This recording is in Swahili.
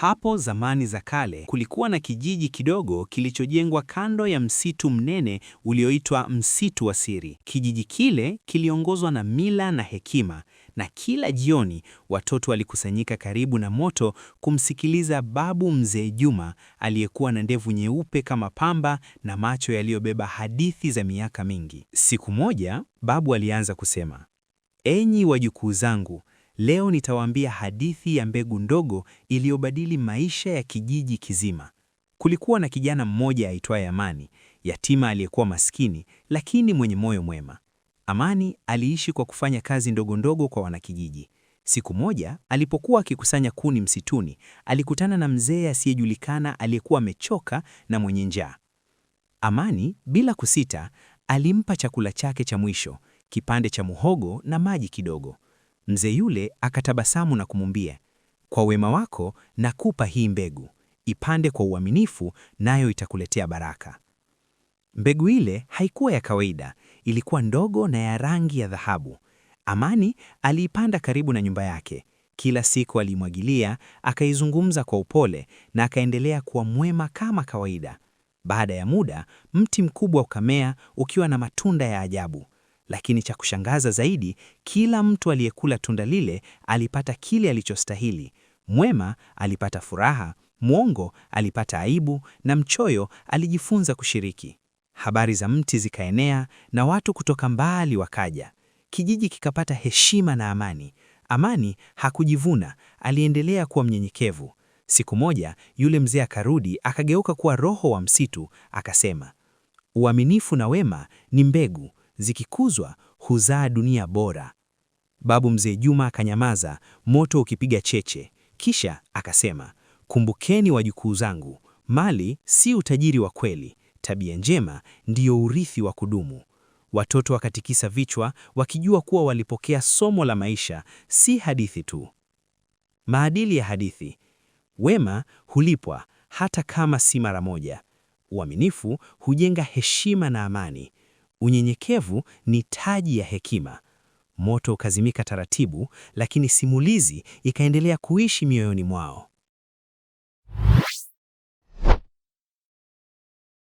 Hapo zamani za kale kulikuwa na kijiji kidogo kilichojengwa kando ya msitu mnene ulioitwa Msitu wa Siri. Kijiji kile kiliongozwa na mila na hekima, na kila jioni watoto walikusanyika karibu na moto kumsikiliza babu Mzee Juma aliyekuwa na ndevu nyeupe kama pamba na macho yaliyobeba hadithi za miaka mingi. Siku moja, babu alianza kusema, Enyi wajukuu zangu, Leo nitawaambia hadithi ya mbegu ndogo iliyobadili maisha ya kijiji kizima. Kulikuwa na kijana mmoja aitwaye Amani, yatima aliyekuwa maskini lakini mwenye moyo mwema. Amani aliishi kwa kufanya kazi ndogo ndogo kwa wanakijiji. Siku moja alipokuwa akikusanya kuni msituni, alikutana na mzee asiyejulikana aliyekuwa amechoka na mwenye njaa. Amani bila kusita alimpa chakula chake cha mwisho, kipande cha muhogo na maji kidogo. Mzee yule akatabasamu na kumwambia, kwa wema wako nakupa hii mbegu, ipande kwa uaminifu, nayo itakuletea baraka. Mbegu ile haikuwa ya kawaida, ilikuwa ndogo na ya rangi ya dhahabu. Amani aliipanda karibu na nyumba yake. Kila siku alimwagilia, akaizungumza kwa upole na akaendelea kuwa mwema kama kawaida. Baada ya muda, mti mkubwa ukamea ukiwa na matunda ya ajabu. Lakini cha kushangaza zaidi, kila mtu aliyekula tunda lile alipata kile alichostahili. Mwema alipata furaha, mwongo alipata aibu, na mchoyo alijifunza kushiriki. Habari za mti zikaenea na watu kutoka mbali wakaja. Kijiji kikapata heshima na amani. Amani hakujivuna, aliendelea kuwa mnyenyekevu. Siku moja yule mzee akarudi, akageuka kuwa roho wa msitu, akasema, uaminifu na wema ni mbegu zikikuzwa huzaa dunia bora. Babu mzee Juma akanyamaza, moto ukipiga cheche, kisha akasema, kumbukeni wajukuu zangu, mali si utajiri wa kweli, tabia njema ndiyo urithi wa kudumu. Watoto wakatikisa vichwa wakijua kuwa walipokea somo la maisha, si hadithi tu. Maadili ya hadithi: wema hulipwa hata kama si mara moja. Uaminifu hujenga heshima na amani. Unyenyekevu ni taji ya hekima. Moto ukazimika taratibu, lakini simulizi ikaendelea kuishi mioyoni mwao.